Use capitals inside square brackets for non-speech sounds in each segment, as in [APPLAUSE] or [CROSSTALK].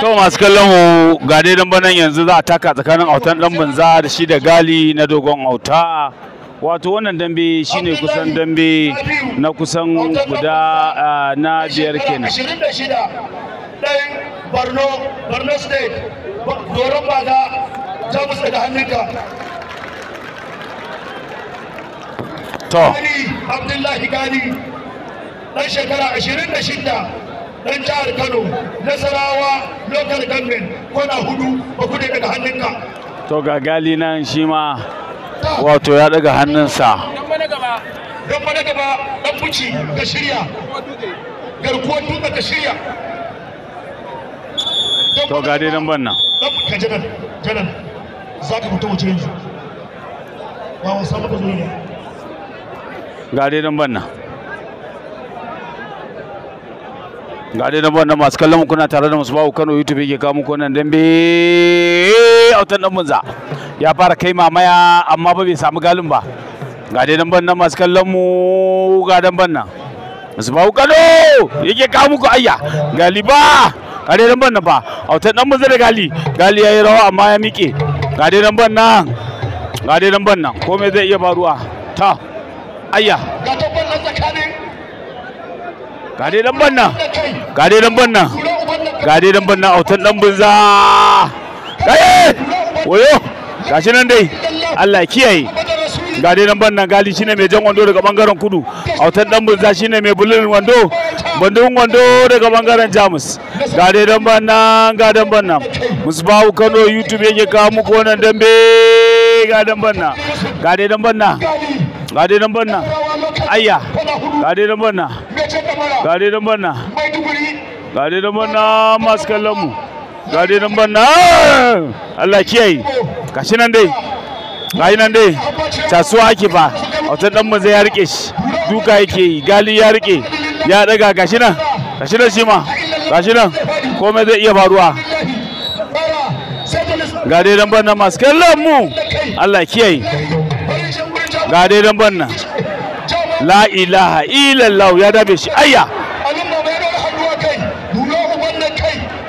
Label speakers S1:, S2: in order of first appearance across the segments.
S1: To masu kallon mu ga dai dan banan yanzu za a taka tsakanin autan dan banza da shi da gali na dogon auta. Wato wannan dambe shine kusan dambe na kusan guda ah, na biyar kenan.
S2: ɗan jihar Kano Nasarawa local government kona hudu ba ku daga hannunka
S1: to ga gali nan shi ma wato ya daga hannunsa
S2: don mana gaba dan fuci ka shirya garkuwar dutse ga shirya
S1: to ga dai dan banna
S2: ka janar janar za ka wuce yanzu ba wasa maka zo ne
S1: ga dai ban nan. ga dai na wannan masu kallon kuna tare da musbahu kano youtube yake kawo muku wannan dambe autan dan munza ya fara kai mamaya amma ba bai samu galin ba ga dai nan bannan masu kallon mu ga dan bannan musbahu kano yake kawo muku ayya galiba ga dai nan banna ba autan dan munza da gali gali yayi rawa amma ya miƙe ga dai nan banna ga dai nan bannan komai zai iya faruwa ta ayya ga
S2: tabbatar tsakanin
S1: ga dai dan banna ga dai dan banna ga dai banna autan dan bunza gaye wayo gashi nan dai Allah kiyaye ga dai dan banna gali shine mai jan wando daga bangaren kudu autan dan bunza shine mai bulun wando bandun wando daga bangaren jamus ga dai dan banna ga dan musbahu kano youtube yake kawo muku wannan dambe ga dan banna ga dai dan banna ga dai dan banna
S2: ayya ga dai banna ga
S1: dai dan banna ga dai dan banna masu kallon mu ga dai dan banna Allah kiyaye shi nan dai gashi nan dai tasuwa ake fa wata dan maza ya rike shi duka yake yi gali ya rike ya daga shi nan shi nan shi ma shi nan komai zai iya faruwa
S2: ga dai dan banna masu kallon mu Allah kiyaye
S1: ga dai dan banna la ilaha illallah ya dabe shi ayya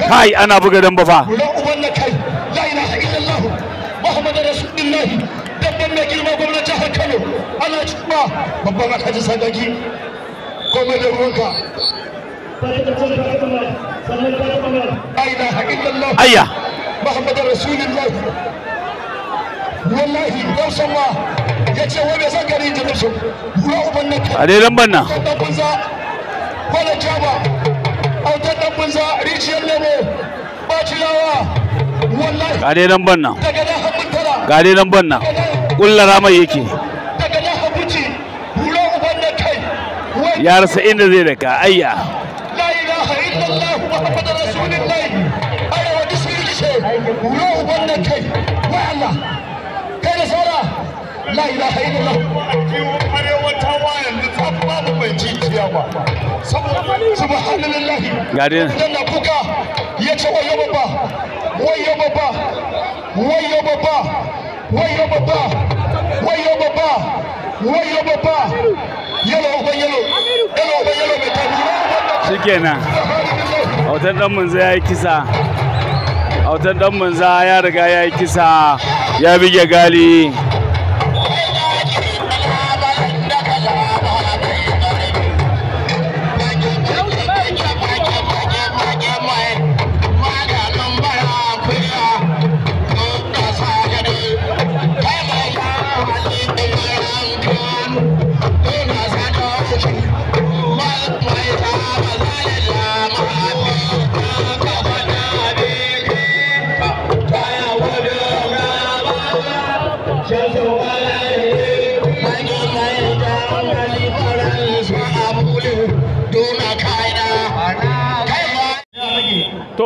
S1: kai ana buga dan bafa kano
S2: ana cewa ayya muhammadu rasulullah wallahi yau sama ya ce wani zan gari jami'in a
S1: dai lamban nan ga dai lamban nan ga dai lamban nan kullara mai yake ya inda zai daga ayya
S2: gadin kuka ya ce wayo baba baba baba baba yalo yalo yalo yalo
S1: shikenan autan dan munza ya yi kisa autan dan munza ya riga ya yi kisa ya bige gali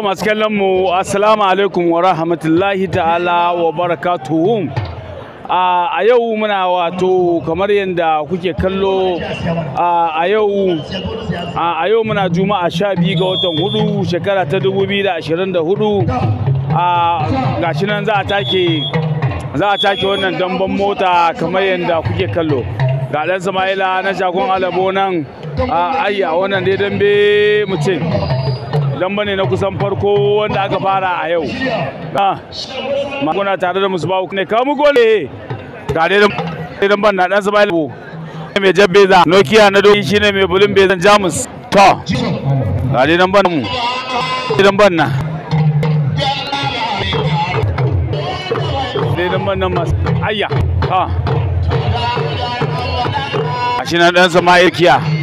S1: masu kallon mu assalamu alaikum wa rahmatullahi ta'ala wa barakatuhu a yau muna wato kamar yadda kuke kallo a yau a yau muna juma'a sha biyu ga watan hudu shekara ta 2024 a gashi nan za a take za a take wannan damban mota kamar yadda kuke kallo ga dan sama'ila na shagon alabo nan a ayya wannan dai dambe mutum dan ne na kusan farko wanda aka fara a yau ah, maguna tare da musu bawu ne kamu gole tare da ban na dan sabai labo mai jabbe za nokia na doki shine mai bulin bezan jamus to tare dan ban mu ban na tare da damban nan mas ayya ha shi na ɗansa ma'aikiya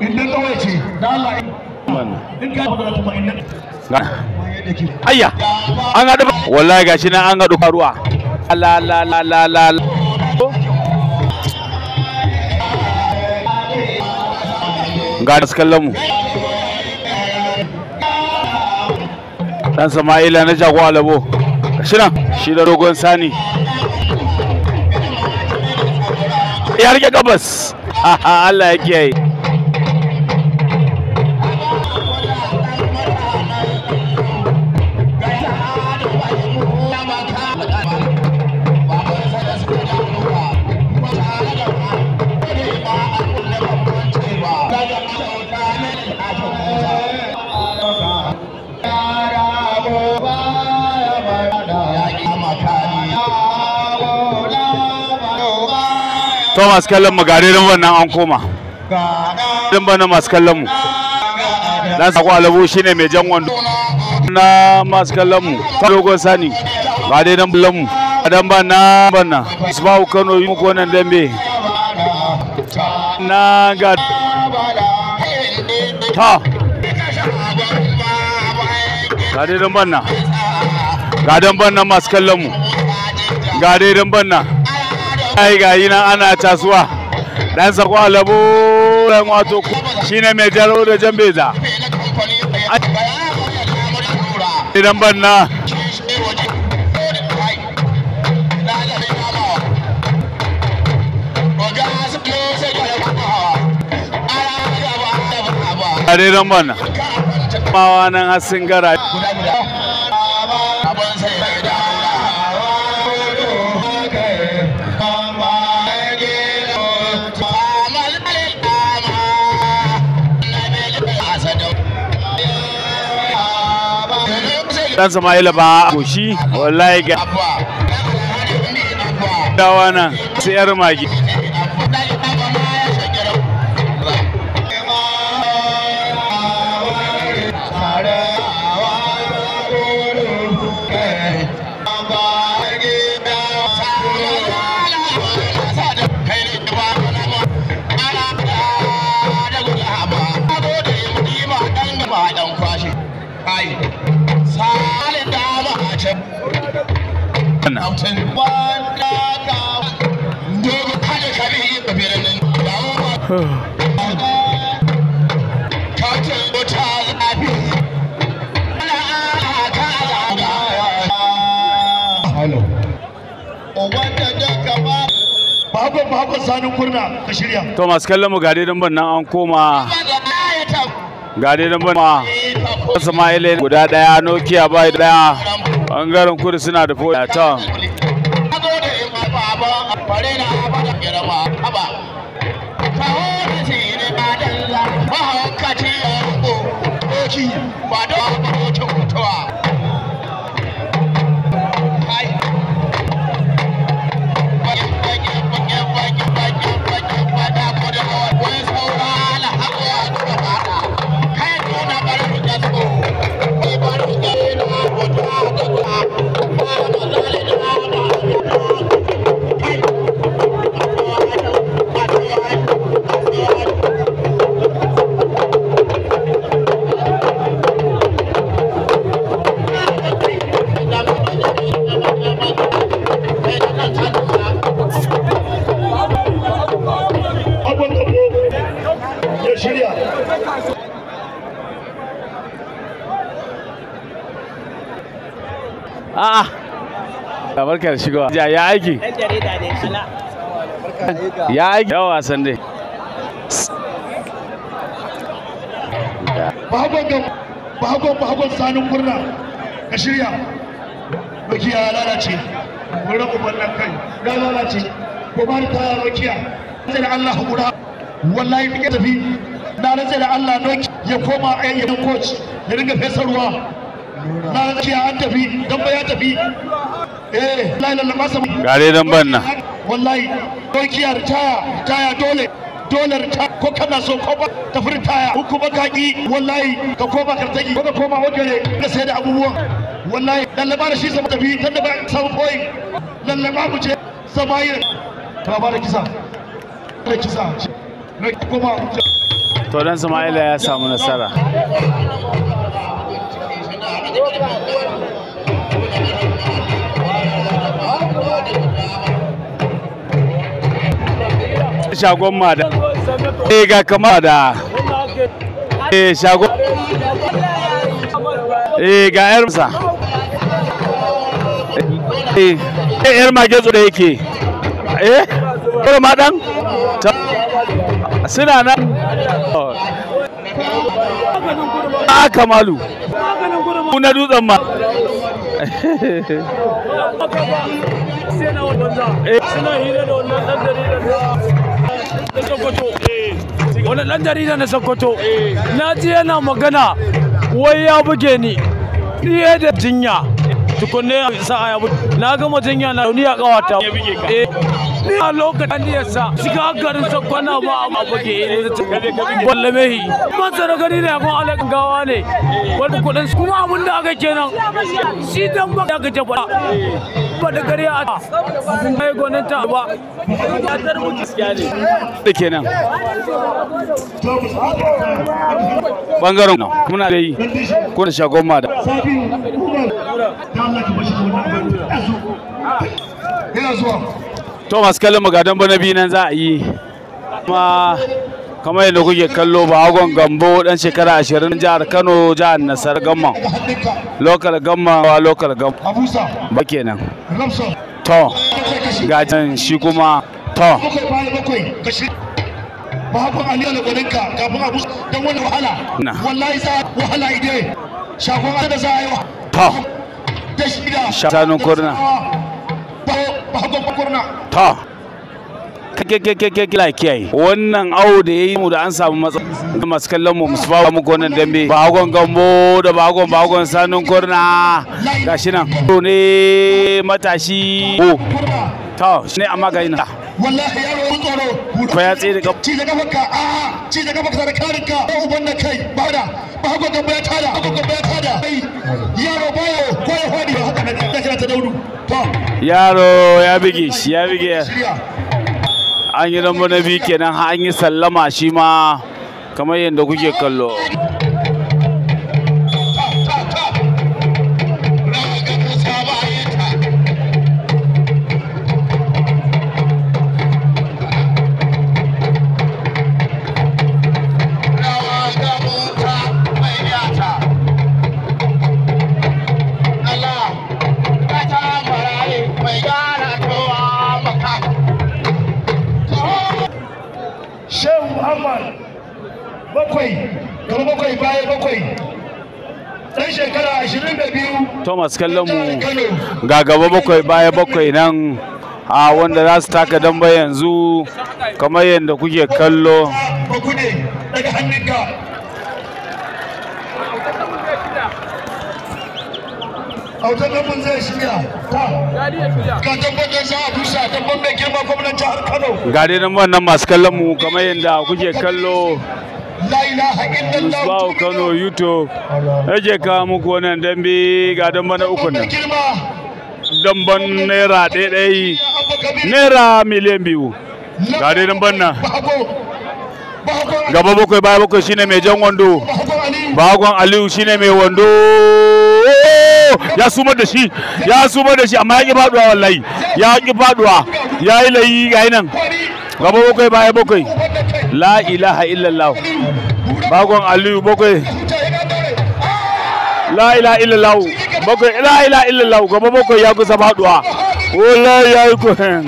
S2: inda kawai
S1: Allah nan la la la la la sama'ila na jagowa labo gashi nan shi da rogon ya rike [LAUGHS] Allah ya kiyaye so masu kallon mu gare garirin wannan an koma din bana masu kallon mu dan sako alabo shine mai jan wando na masu kallon mu dogon sani ba dai nan bulan mu dan bana bana su ba Kano yi muku wannan dambe na ga ta ga dai dan bana ga dan bana masu kallon mu ga dai dan bana ai gayi nan ana tasuwa dan sako alabo dan wato shine mai jaro da jambeza idan banna a daidan ma Sama'ila ba goshi wallahi ga dawa nan sai yar magi
S2: Muhammad Kurna ka
S1: shirya. To masu kallon mu gare dan ban nan an koma gare dan ban ma Ismail guda daya Nokia bai daya bangaren kudu suna da foda barkar shigowa ja ya aiki ya aiki yawa wasan dai
S2: bahagon bahagon sanin kurna ka shirya makiya ya lalace wurin umarnan kai ya lalace ko ba ta makiya sai da Allah hakura wallahi kike tafi na rantsa da Allah doki ya koma a yayin coach ya ringa fesarwa na rantsa an tafi dan ba ya tafi Eh, gare don banna wallahi dokiyar taya taya dole dolar ta ko kana so ko ba ka taya ko kuma ka ki wallahi ka koma kartaki ko ka koma wajen na sai da abubuwan wallahi lallaba da shi sama tafi ta da ba samu koyi lallaba mu ce samayin ka ba da kisa da kisa na koma
S1: to dan Sama'ila ya samu nasara shagon ma E, eh ga kama da E, eh, shagon E, ga yar sa eh yar eh, mage zo da yake E, kuma ma dan suna nan a ah, kamalu na dutsen ma [LAUGHS] wani ɗan jarida eh, na sokoto na ji yana magana wai ya buge ni fiye da jinya tukunne sa'a ya na gama jinya na rauni a ƙawata ne a lokacin niyarsa shiga garin sakwana ba a buge balle mehi masara gari da yafin alaƙin gawa ne wani kuɗin kuma abin da aka kenan shi dan ba aka ce ba da gari a mai gwanin ta ba da kenan bangaren muna da yi ko da shagon ma da
S2: yana zuwa
S1: Thomas kallon magadan bana biyu nan za a yi kuma kamar yadda kuke kallo ba bahagon gambo dan shekara ashirin jihar kano jihar nasar gamma lokal gamma wa lokal gamma ba kenan to gajan shi kuma to ba
S2: bahagon aliyu alƙwarinka kafin abu don wani wahala wallahi za wahala ide shagon da za a
S1: yi to shanun kurna ta kila kiyaye wannan awo da ya yi mu da an samu matsala masu kallon mu musu fawa muku wannan dambe bagon gambo da bagon bagon sanun kurna gashi nan ne matashi ta shi ne amma gashi nan
S2: wallahi yaro mun tsoro
S1: kuma ya tsere gaba ci daga baka a
S2: ci daga baka da karinka ko uban da kai bada ba haka gaba ya tada haka gaba ya tada yaro baya ko ya fadi ba haka da kira ta daudu to
S1: yaro ya bige shi ya bige
S2: an
S1: yi lambar na biyu kenan an yi sallama shi ma kamar yadda kuke kallo masu kallon mu eh, eh, eh. ga gaba bakwai baya bakwai nan a wanda za su taka damba yanzu kamar yadda kuke kallo autan zai nan masu kallon mu kamar yadda kuke kallo Bawo Kano YouTube Eje kawo muku wannan dambe ga dambe na uku nan. Damban naira ɗaiɗai naira miliyan biyu ga dai damban nan. Gaba bakwai baya bakwai shine mai jan wando. Bagon Aliyu shine mai wando. Ya sumar da shi, ya sumar da shi amma ya ƙi faɗuwa wallahi. Ya ƙi faɗuwa, ya yi layi ga nan. Gaba bakwai baya bakwai. la ilaha illallah bagon aliyu bakwai la ilaha illallah bakwai la ilaha illallah gaba bakwai ya kusa faduwa la ya yi hen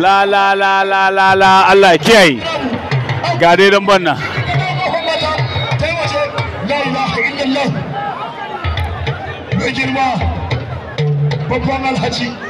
S1: la la la la la la Allah kiyaye ga dai dan banna
S2: girma babban alhaji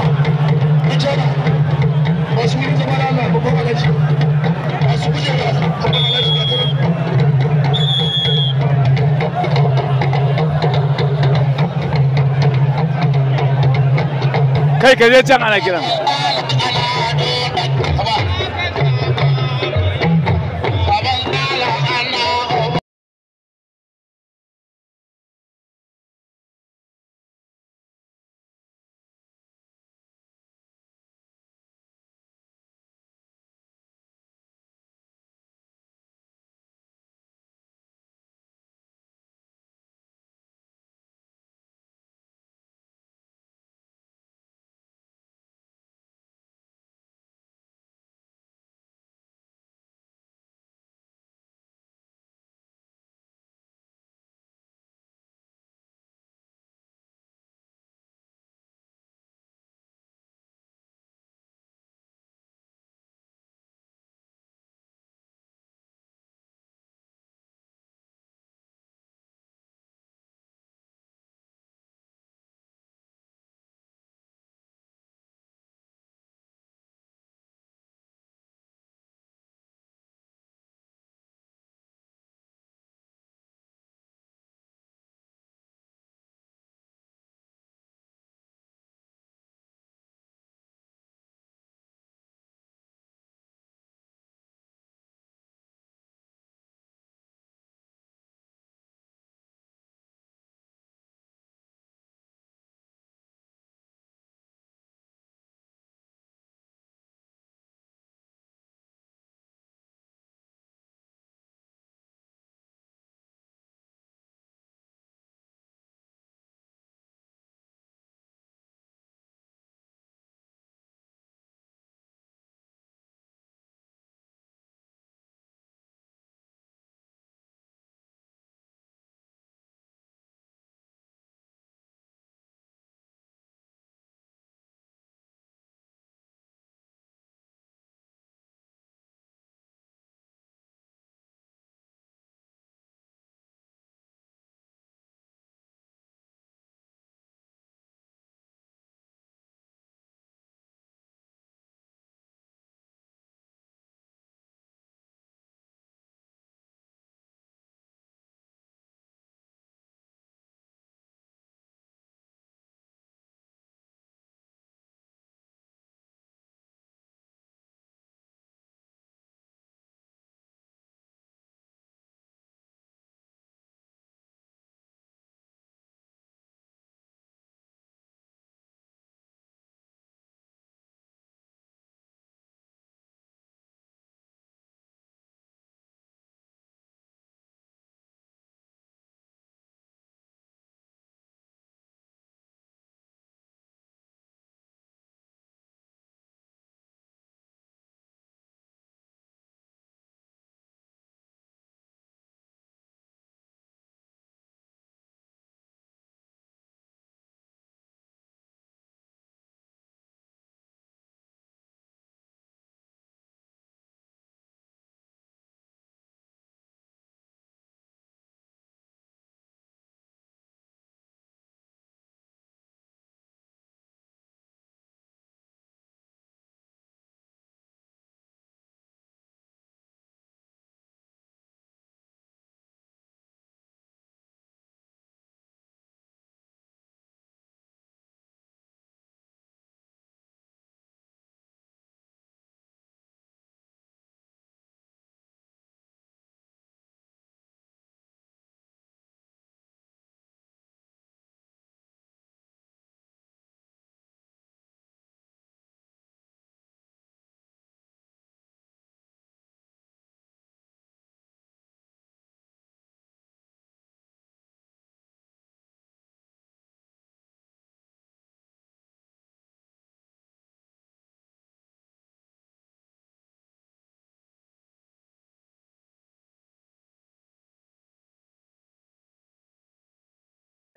S1: kai ka je can ana kiran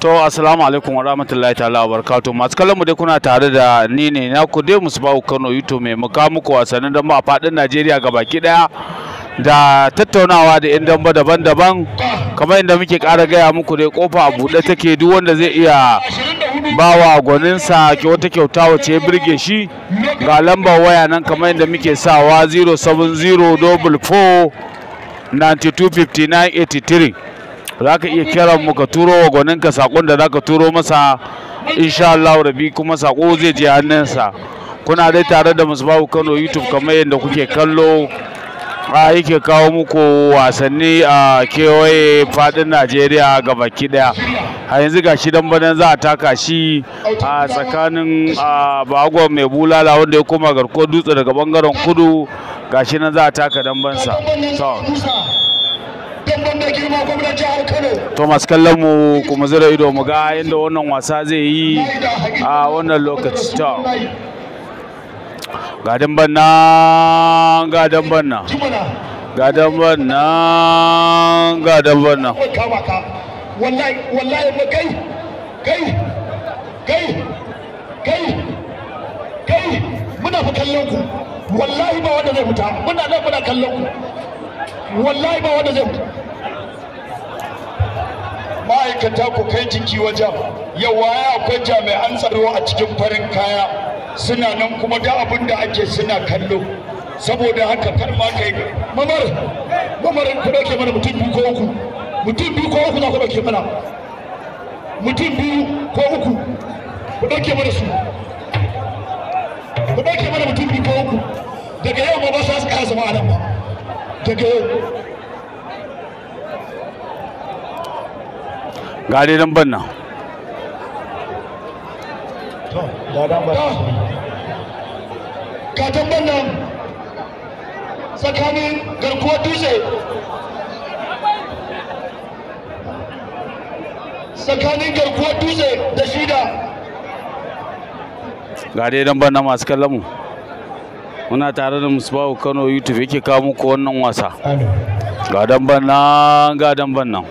S1: To assalamu alaikum wa rahmatullahi ta'ala wa barakatuh. Masu kallon mu dai kuna tare da ni ne na ku dai musu Musbahu Kano Yuto mai muka muku wasannin dambe a fadin Najeriya gabaki daya da tattaunawa da yan damba daban-daban kamar inda muke ƙara gaya muku dai kofa a buɗe take duk wanda zai iya bawa gwaninsa wata kyauta wace ya birge shi ga lamba waya nan kamar inda muke sawa 070 44 92 59 83 za ka iya kira mu ka turo wa ka sakon da za ka turo masa insha Allah rabi kuma sako zai je hannunsa kuna dai tare da musbahu kano youtube kamar yadda kuke kallo a yake kawo muku wasanni a kewaye fadin najeriya ga baki daya a yanzu ga shi dambadan za a taka shi a tsakanin bagon mai bulala wanda ya koma garko dutse daga bangaren kudu ga shi nan za a taka dambansa
S2: to
S1: kallon mu kuma zira ido mu ga yadda wannan wasa zai yi a wannan lokaci to ga banna gadon banna. Gadon banna gadon banna.
S2: wallahi ba kai kai kai wanda zai fita wallahi ba wanda zai fita ma'aikata ku kai jiki wajen yawa ya akwai jami'an tsaro a cikin farin kaya suna nan kuma da abin da ake suna kallo saboda haka kar ma kai mamar mamar ku dauke mana mutum biyu ko uku mutum biyu ko uku za ku dauke mana mutum biyu ko uku ku dauke mana su ku dauke mana mutum biyu ko uku daga yau ma ba su kasa a nan
S1: ba
S2: daga yau
S1: ga dai dan banna to da dan banna
S2: ga banna tsakanin garkuwar dutse
S1: tsakanin garkuwar dutse da shida ga dai dan banna masu kallon muna tare da musbahu kano youtube yake kawo muku wannan wasa ga dan banna ga dan banna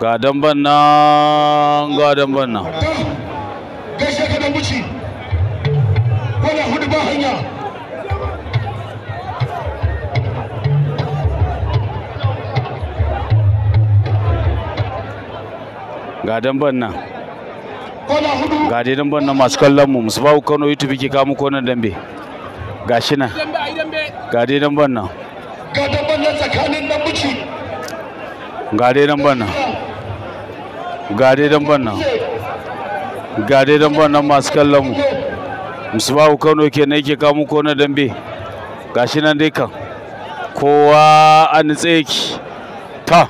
S1: ga damban nan ga damban nan
S2: gaishe ka da muci kwana hudu ba hanya
S1: ga damban nan ga dai damban nan masu kallon mu musu bawu kano youtube ke kamu konan dambe ga shi nan ga dai damban nan
S2: ga damban nan tsakanin nan muci
S1: ga dai damban nan ga dai damban nan ga dai damban nan masu kallon mu musbahu kano kenan yake kawo muku na dambe gashi nan dai kan kowa an nitse yake ta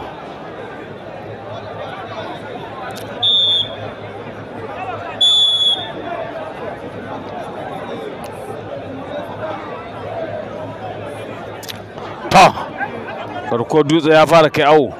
S1: ta farko dutse ya fara kai awo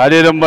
S1: ga dai dan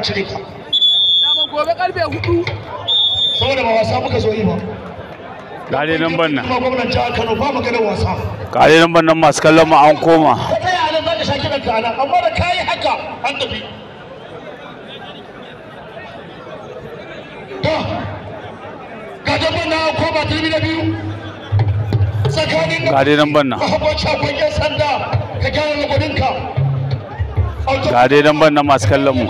S2: an cire ka dama gobe karfe saboda
S1: ba nan ban nan kuma nan ban nan masu kallon mu an koma anan
S2: nan yan sanda ka gyara
S1: gade dai dan banna masu kallon mu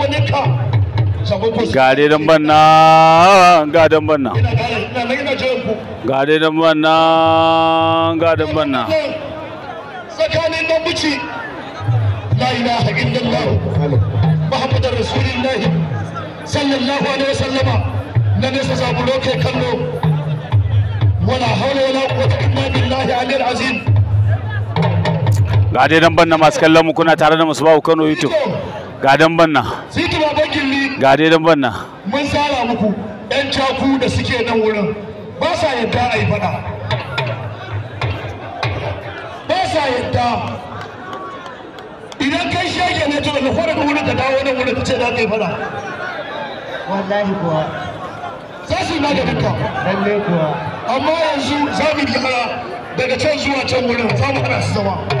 S1: gade dai dan banna gade dan banna ga dai dan banna gade dan banna
S2: tsakanin dan buci la ilaha illallah muhammadar rasulullahi sallallahu alaihi wasallama na nesa zabulo kai kallo wala haula wala quwwata illa billahi alil azim
S1: ga dai dan banna masu kallon mu kuna tare da musu ku Kano YouTube ga dan banna ga dai dan banna
S2: mun tsara muku yan caku da suke nan wurin ba sa yadda a yi faɗa ba sa yadda idan kai shege ne to da fara da wurin ka dawo nan wurin ka ce za ta yi faɗa wallahi kuwa sai su na da duka lalle kuwa amma yanzu za mu yi daga can zuwa can wurin za mu su zama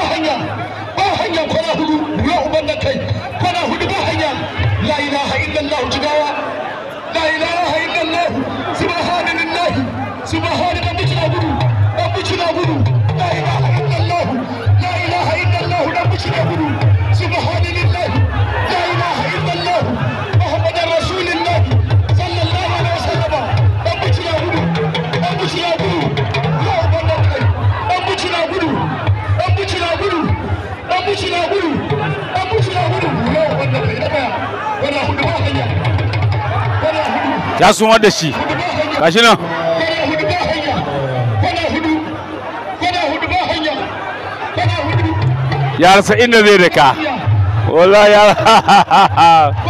S2: ba hanya ba hanya kwana hudu ya uban da kai kwana hudu ba hanya la ilaha illallah jigawa la ilaha illallah subhanallah subhanallah dan buci gudu dan buci gudu
S1: ya sun da shi shi nan ya rasa inda zai daka wallahi ya
S2: [LAUGHS]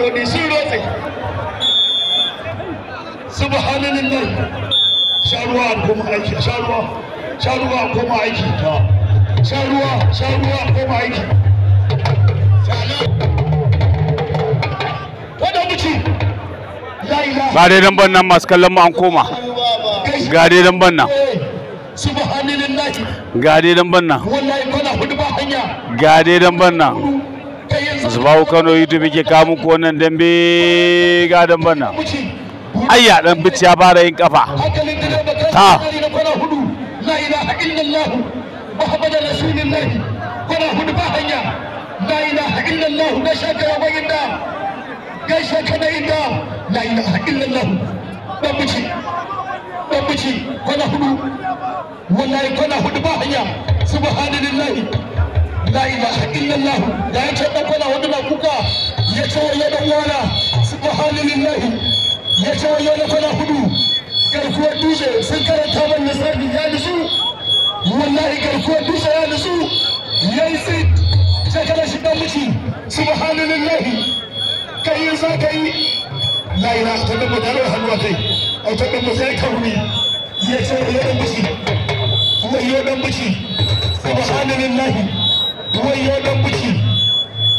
S2: rodi sun subhanallahi sharuwa aiki sharuwa sharuwa aiki ta sharuwa sharuwa aiki ga dai dan bannan masu kallon mu an koma ga dai
S1: dan bannan eh, ga dai dan bannan ga dai dan bannan Asma'u Kano YouTube ke kawo muku wannan dambe ga damban nan. Ayya dan bici ya fara yin kafa.
S2: Ta. La ilaha illallah Rasulullah. hudu ba hanya. La ilaha illallah da inda. La ilaha illallah. Dan bici. Dan bici hudu. Wallahi hudu ba hanya. Subhanallahi. la ilaha illallah da ya ce dan kwana wanda na kuka ya ce ya dan wana subhanallahi ya ce ya dan kwana hudu garkuwar dushe sun karanta man nasabi ya nisu wallahi garkuwar dushe ya nisu yayi sai shekara shi dan miji subhanallahi kai yin za ka yi la ilaha ta dan mutane hannuwa kai a ta dan mutane kauri ya ce ya dan miji ya dan miji subhanallahi duwai yau dan buci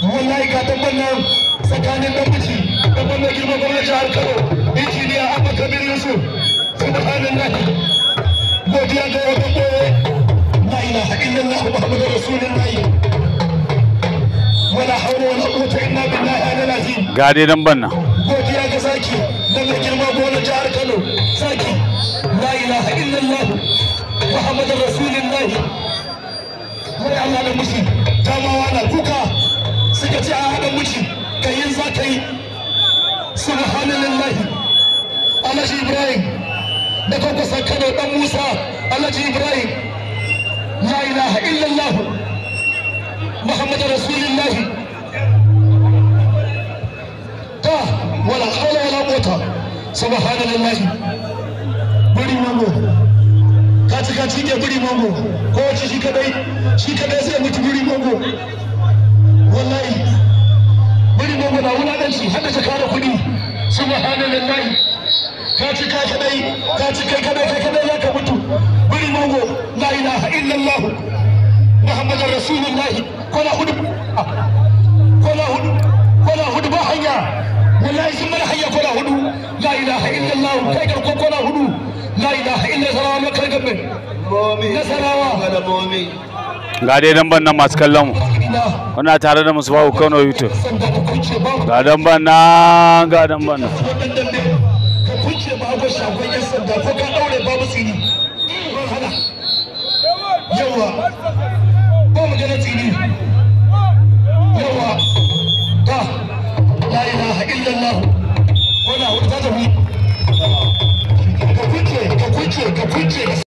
S2: wallahi ka tabbar nan tsakanin dan buci da girma gwamnati jihar Kano injiniya Abba Kabir Yusuf subhanallah godiya ga wata kowe la ilaha illallah muhammadur rasulullah wala hawla wala quwwata illa billahi alal azim
S1: ga dai dan banna
S2: godiya ga zaki daga girma gwamnati jihar Kano zaki la ilaha illallah muhammadur rasulullah wani Allah da mushi damawa na kuka suka ce a haɗa mushi ka yi za ka yi subhanallahi Alhaji Ibrahim da kwakwasa Kano dan Musa Alhaji Ibrahim la ilaha illallah Muhammadu Rasulullah ta wala hawla wala quwwata subhanallahi shi guri mango ko ci shi kadai shi kadai sai mutu guri mango wallahi guri mango na wulaɗanci haka ta kara kuɗi subhanallahi ka ci ka kadai ka ci kai kadai kai kadai za ka mutu guri mango la ilaha illallah muhammadar rasulullahi kola hudu ah, kola hudu kola hudu ba hanya wallahi sun mana hanya kola hudu la ilaha illallah kai garko kola hudu لا إله إلا سلامك لقبل
S1: ga dai ban nan masu kallon mu muna tare da musu bawu kano youtube ga ban nan ga ban nan